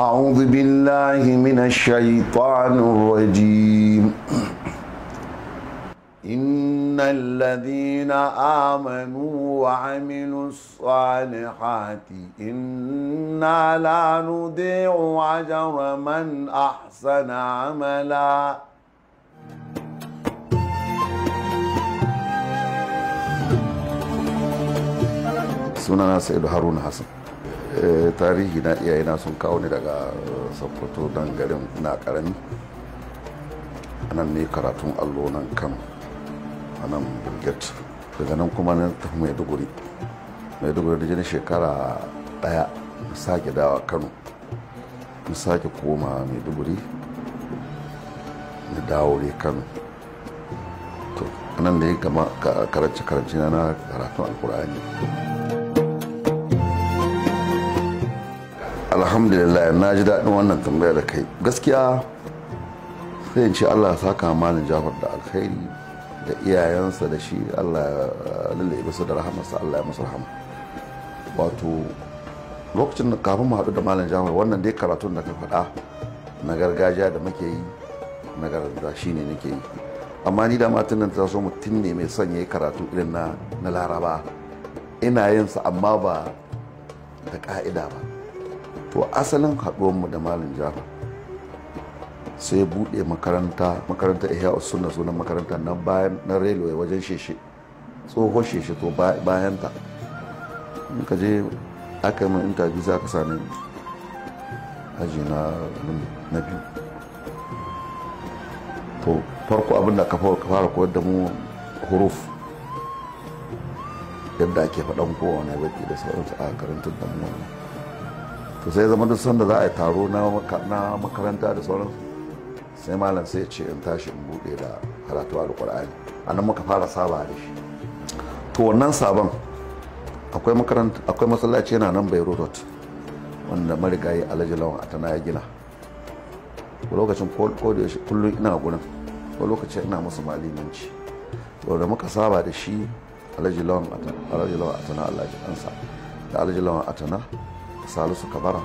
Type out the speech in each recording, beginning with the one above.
أعوذ بالله من الشيطان الرجيم إن الذين آمنوا وعملوا الصالحات إنا لا نضيع أجر من أحسن عملا سنة سيد هارون حسن Eh, tarihi na iyayena sun kawo ni daga eh, sokoto don garin na karami anan ne karatun allo nan kan anan burget daga nan kuma na tafi maiduguri maiduguri da jini shekara daya na sake dawa kano na sake koma maiduguri na dawo ne kano to anan ne ya karance-karance na karatun alkur'ani alhamdulillah na ji daɗin wannan tambaya da kai gaskiya sai in ce allah saka malin jafar da alkhairi da iyayensa da shi allah ya su da rahamarsa allah ya masu rahama wato lokacin da kafin mu haɗu da malam jafar wannan dai karatun da ka faɗa na gargajiya da muke yi na gargajiya shi ne nake yi amma ni da matan nan ta so mutum ne mai son yayi karatu irin na laraba ina yin sa amma ba da ka'ida ba to asalin mu da malam jafa sai buɗe makaranta makaranta ihya sunna sunan makaranta na bayan na railway wajen sheshe tsohon sheshe to bayan ta in ka je aka yi min za ka sami aji na na biyu to farko abin da ka fara koyar da mu huruf yadda ake faɗan kowane baki da sauransu a karantar da mu wannan to sai zama duk sanda za a yi taro na makaranta da sauransu sai malam sai ce in tashi in buɗe da karatu alkur'ani a nan muka fara saba da shi to wannan sabon akwai makaranta akwai masallaci yana nan Beirut rotot wanda marigayi Alhaji Lawan Atana ya gina lokacin ko da kullum ina gurin ko lokacin ina musu malimanci to da muka saba da shi Alhaji Lawan Atana Alhaji Lawan Atana Alhaji Ansa da Alhaji Lawan Atana salisu kabara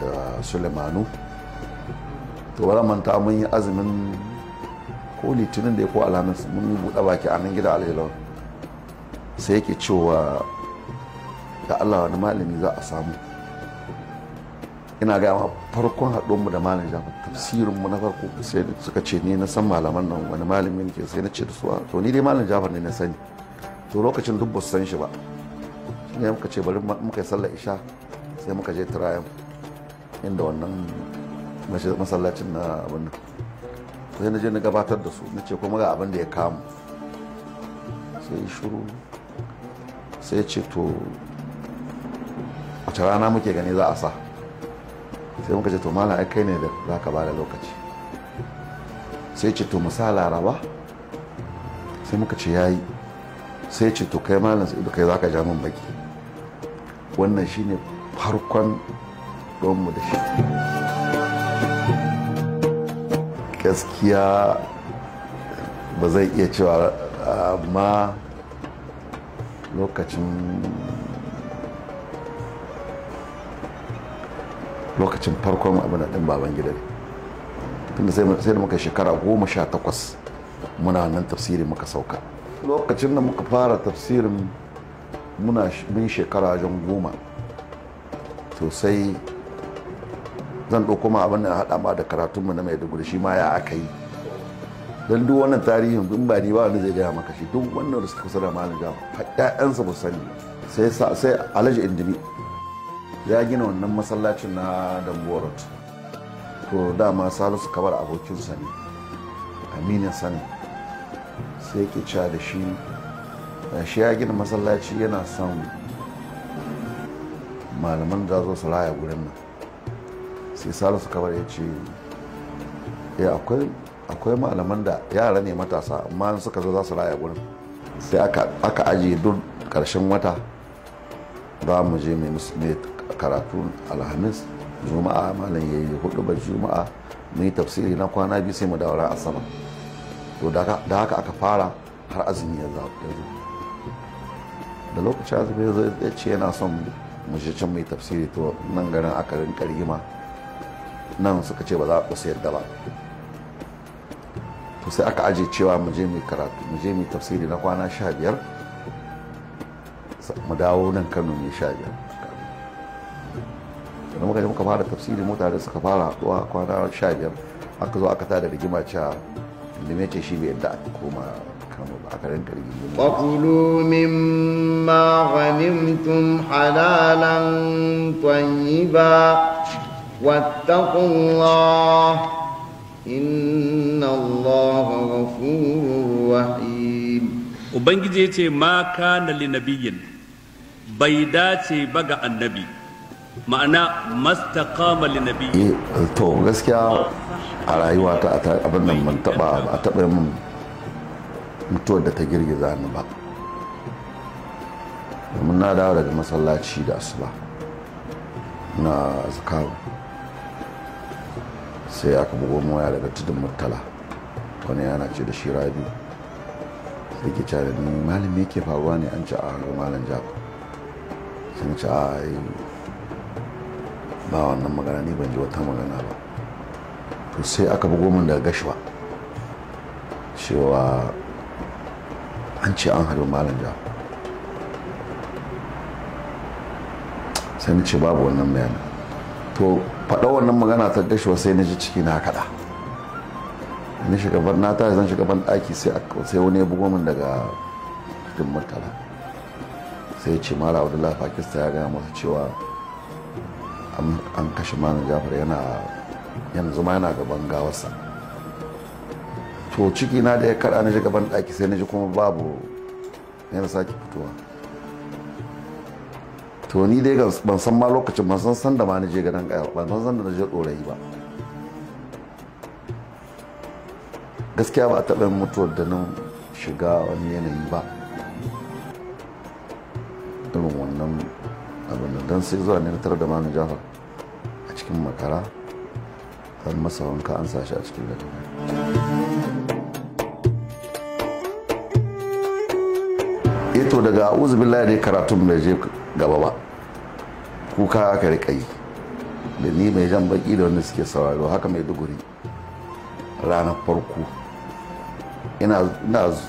da sulemanu to wala manta mun yi azumin ko litinin da ya ko alhamis mun yi buɗe baki a nan gida alhilon sai yake cewa da allah wani malami za a samu ina ma farkon haɗuwanmu da malam tafsirin mu na farko sai suka ce ni na san malaman nan wani malami ne ke sai na ce da su to ni dai malam jafar ne na sani to lokacin duk ba su san shi ba ne muka ce bari muka yi sallar isha sai muka je tirayen inda wannan masallacin na abin sai na je na gabatar da su na ce kuma ga abin da ya kamu sai shuru sai ce to a rana muke gani za a sa sai muka ce to mana ai kai ne da za ka bada lokaci sai ce to musa laraba sai muka ce yayi sai ce to kai malam sai kai za ka ja min baki wannan shine farkon ɗonmu da shi gaskiya ba zai iya cewa amma lokacin lokacin farkon abin da baban gida ne tunda sai da muka shekara goma sha takwas muna nan tafsiri muka sauka lokacin da muka fara tafsirin muna bin shekara wajen goma sosai zan ɗauko ma abin da haɗa ma da karatunmu na maiduguri shi ma ya aka yi don duk wannan tarihin in ba ni ba wani zai gaya maka shi duk wannan da suka kusa da malin jama ƴaƴansa ba sani sai sai alhaji indimi ya gina wannan masallacin na dambuwarot to dama salisu kabar abokinsa ne aminin sani sai ke cewa da shi shi ya gina masallaci yana son malaman da zo su raya gurin nan sai salisu kamar ya ce ya eh, akwai malaman da yara ne matasa amma suka zo za su raya gurin sai aka ajiye duk karshen wata za mu je mai karatu alhamis juma'a malam ya yi hudu ba juma'a mu yi tafsiri na kwana biyu sai mu dawo ran asabar to da haka aka fara har azumi ya zo da lokacin azumi ya zo ya ce yana son mu je can mai tafsiri to nan garin aka rinka rigima nan suka ce ba za a kusa yadda ba to sai aka aje cewa mu je mai karatu mu je mai tafsiri na kwana sha biyar mu dawo nan kano mai sha biyar da muka je muka fara tafsiri mutane suka fara haɗuwa kwana sha biyar aka zo aka tada rigima cewa limece shi bai yadda a koma kama ba aka ranka rigingimu ba mimma ghanimtum halalan tayyiba واتقوا الله إن الله غفور رحيم وبنجي يتي ما كان لنبي بيداتي بقى النبي ma'ana mastaqama li nabi eh, to gaskiya a rayuwa ta abin nan man taba a taba mun mutuwar da ta girgiza ni ba domin na dawo daga masallaci da asuba na zakaru sai aka bugo moya daga tudun murtala wani yana ce da shi rabi da ke cewa ni malam yake faruwa ne an ci a ah, hannun malam jaba sun ci a ba wannan magana ne ban ji wata magana ba to sai aka bugo min daga gashwa cewa an ce an harbi malam ja sai na ce babu wannan bayanin to faɗa wannan magana ta gashi sai na ji ciki na kaɗa na shiga ban na ta zan shiga ban ɗaki sai wani ya bugo min daga cikin murtala sai ya ce mala abdullah pakistan ya gaya masa cewa an kashe malam jafar yana yanzu ma yana gaban gawarsa to ciki na da ya kada na shiga ban daki sai na ji kuma babu yana sake fitowa to ni dai ban san ma lokacin ban san san da ma na je gadon kaya ban san da na je dorayi ba gaskiya ba a taɓa mutuwar da nan shiga wani yanayi ba irin wannan abin da don sai zuwa ne na tare da manu jafa a cikin makara an masa wanka an sashi a cikin gadon eto eh daga a'udhu billahi ne karatun bai je gaba ba kuka aka rika yi da ni mai jan baki da wanda suke sauraro haka mai duguri ranar farko ina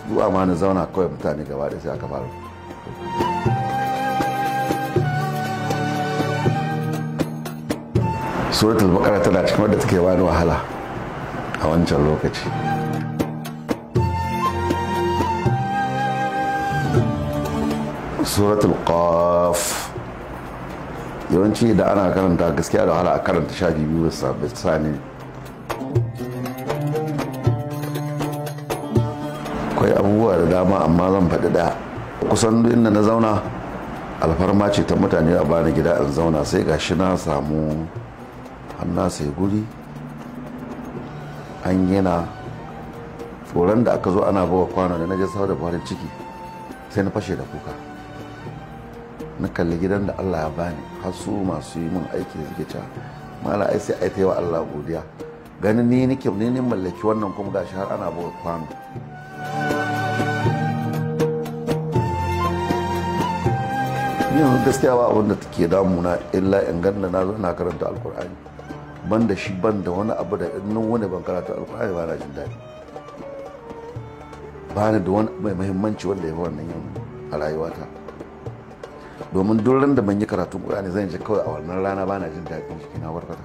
zuwa ma na zauna kawai mutane gaba da sai aka fara suratul bakara tana cikin wadda take bani wahala a wancan lokaci suratul qaf yawanci da ana karanta gaskiya da wahala a karanta shafi biyu da sani akwai abubuwa da dama amma zan faɗi ɗaya kusan inda na zauna alfarma ce ta mutane a bani gida in zauna sai ga shi na samu hannu sai guri an yana tsoron da aka zo ana bawa kwano da na je sau da farin ciki sai na fashe da kuka na kalli gidan da Allah ya bani har su masu yi min aiki suke ta mala ai sai ai wa Allah godiya ganin ni nake ni ne mallaki wannan kuma gashi har ana buga kwano ni yanzu gaskiya ba abin da take damuna illa in ganna na zo na karanta alkur'ani ban da shi ban da wani abu da nan wani ban karanta alkur'ani ba na jin daɗi ba da wani mai muhimmanci wanda ya fi wannan yau a rayuwata domin duk da ban yi karatun ƙur'ani zan ji kawai a wannan rana ba na jin daɗin jiki na warkata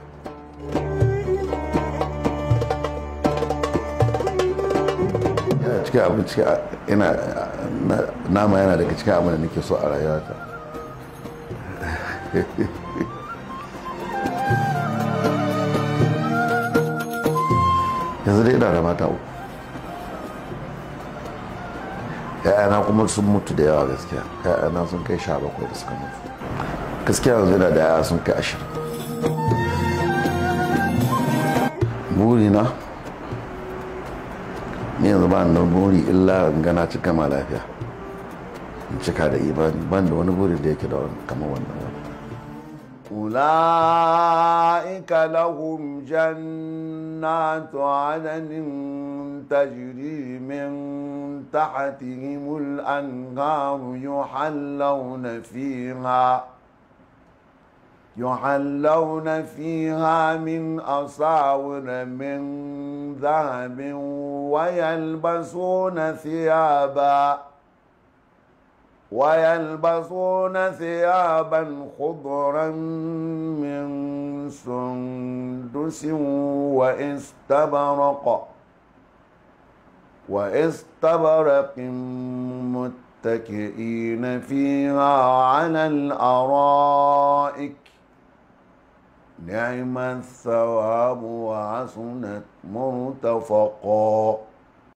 abin ina nama yana daga cikin abin da nake so a rayuwata yanzu dai ina da mata uku ya'yana kuma sun mutu da yawa gaskiya ya'yana sun kai sha bakwai da suka mutu gaskiya yanzu yana da yaya sun kai ashirin burina ni yanzu ba da buri illa in gana cika ma lafiya in cika da imani ban da wani buri da yake da kamar wannan wani أولئك لهم جنات عدن تجري من تحتهم الأنهار يحلون فيها يحلون فيها من أصاور من ذهب ويلبسون ثيابا ويلبسون ثيابا خضرا من سندس واستبرق وإذ تبرق متكئين فيها على الأرائك نعم الثواب وحسنت مرتفقا